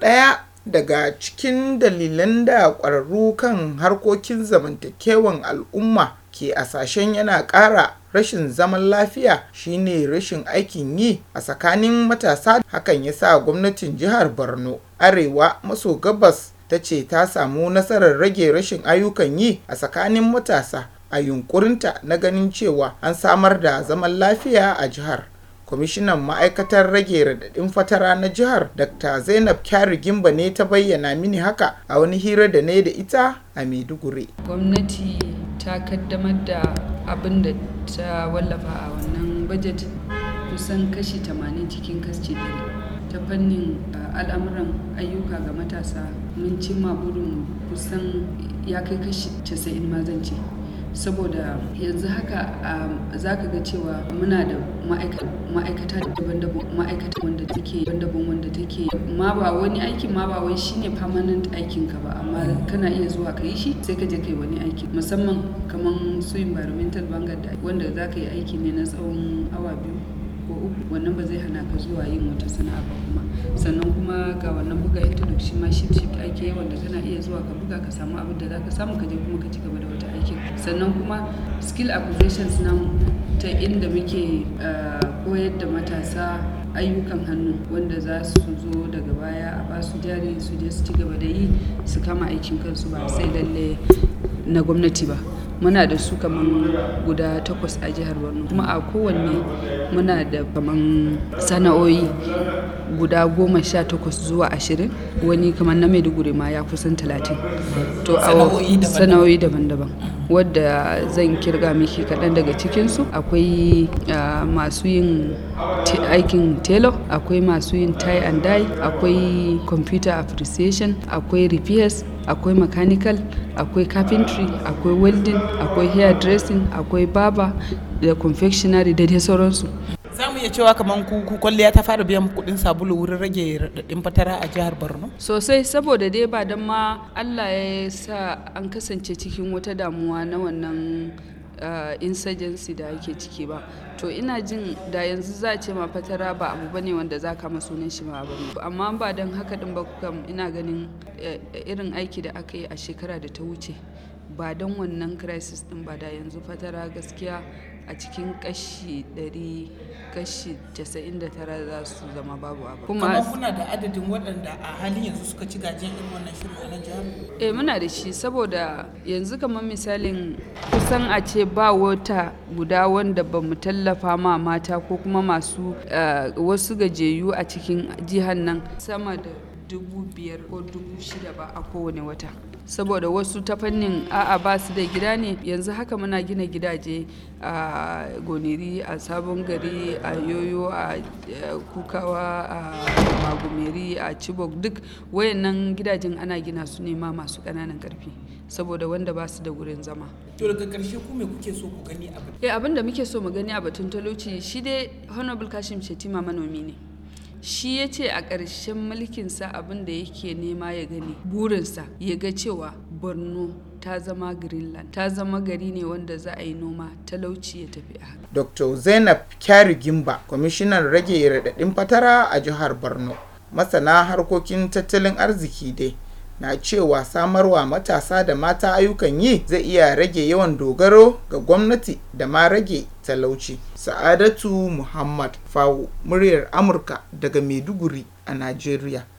ɗaya daga cikin dalilan da ƙwararru kan harkokin zamantakewan al'umma ke sashen yana ƙara rashin zaman lafiya shine rashin aikin yi a tsakanin matasa hakan ya sa gwamnatin jihar borno arewa maso gabas ta ce ta samu nasarar rage rashin ayyukan yi a tsakanin matasa a yunkurinta na ganin cewa an samar da zaman lafiya a jihar kwamishinan ma'aikatar rage radadin fatara na jihar dr zainab kyari gimba ne ta bayyana mini haka a wani hira da ne da ita a maiduguri gwamnati ta kaddamar da abin da ta wallafa a wannan bajet kusan kashi 80 cikin kasce 100 ta fannin uh, al'amuran ayyuka ga matasa mun cimma burin kusan ya kai kashi 90 ma zance saboda yanzu haka um, za ka ga cewa muna da ma'aikata daban-daban ma'aikata wanda take daban wanda take ma ba wani aikin ma ba wai shine permanent aikin ka ba amma kana iya zuwa ka yi shi sai ka je kai wani aiki musamman kaman su environmental bangar da wanda za ka yi aiki ne na tsawon awa biyu ko uku wannan ba zai hana ka zuwa yin wata sana'a ba kuma sannan kuma ga wannan buga shi ma shi shi ake yawan da kana iya zuwa ka buga ka samu abin da za ka samu ka je kuma ka ci gaba da wata aikin sannan kuma skill acquisitions na ta inda muke ah, koyar da matasa ayyukan hannu wanda za su zo daga baya a ba su jari su je su ci gaba da yi su kama aikin kansu ba sai lalle na gwamnati ba muna da su kamar guda takwas a jihar borno kuma a kowanne muna da kamar sana'o'i guda goma sha takwas zuwa ashirin wani kamar na maiduguri ma ya kusan talatin to a sana'o'i daban-daban wadda zan kirga miki kaɗan daga cikinsu akwai ah, masu yin aikin telo akwai masu yin tie and die akwai computer appreciation akwai repairs akwai mechanical akwai carpentry akwai welding akwai hair dressing akwai barber da confectionery da dai sauransu za mu iya cewa kamar kuku kwalliya ta fara biyan kuɗin sabulu wurin rage raɗaɗin fatara a jihar borno sosai saboda dai ba don ma allah ya sa an kasance cikin wata damuwa na wannan uh, insurgency da ake ciki ba to ina jin da yanzu za ce ma fatara ba abu ba ne wanda za kama sunan shi ma ba amma ba don haka din ba ina ganin eh, irin aiki da aka yi a shekara da ta wuce ba don wannan crisis din ba da yanzu fatara gaskiya a cikin kashi 100 kashi 99 za su zama babu abu kuma kuna da adadin waɗanda a halin yanzu suka ci gajiyar irin wannan shirin a nan jihar eh muna da shi saboda yanzu kamar misalin kusan a ce ba wata guda wanda ba mu tallafa ma mata ko kuma masu eh, wasu gajeyu a cikin jihar nan sama da dubu biyar ko dubu shida ba a kowane wata saboda wasu ta fannin a'a ba su da gida ne yanzu haka muna gina gidaje a goniri a sabon gari a yoyo a eh, kukawa a magumeri a chibok duk wayannan gidajen ana gina su ne ma masu ƙananan karfi saboda wanda ba su da gurin zama to daga karshe ku kuke so ku gani eh, abin da muke so mu gani a batun talauci shi dai honorable kashim shetima manomi ne shi ya ce a ƙarshen mulkinsa abin da yake nema ya gani burinsa ya ga cewa borno ta zama greenland ta zama gari ne wanda za a yi noma talauci ya tafi a haka. dr zainab kyari gimba kwamishinan rage raɗaɗin fatara a jihar borno masana harkokin tattalin arziki dai na cewa samarwa matasa da mata ayyukan yi zai iya rage yawan dogaro ga gwamnati da ma rage talauci. Sa'adatu Muhammad Fawo, muryar Amurka daga Maiduguri a Najeriya.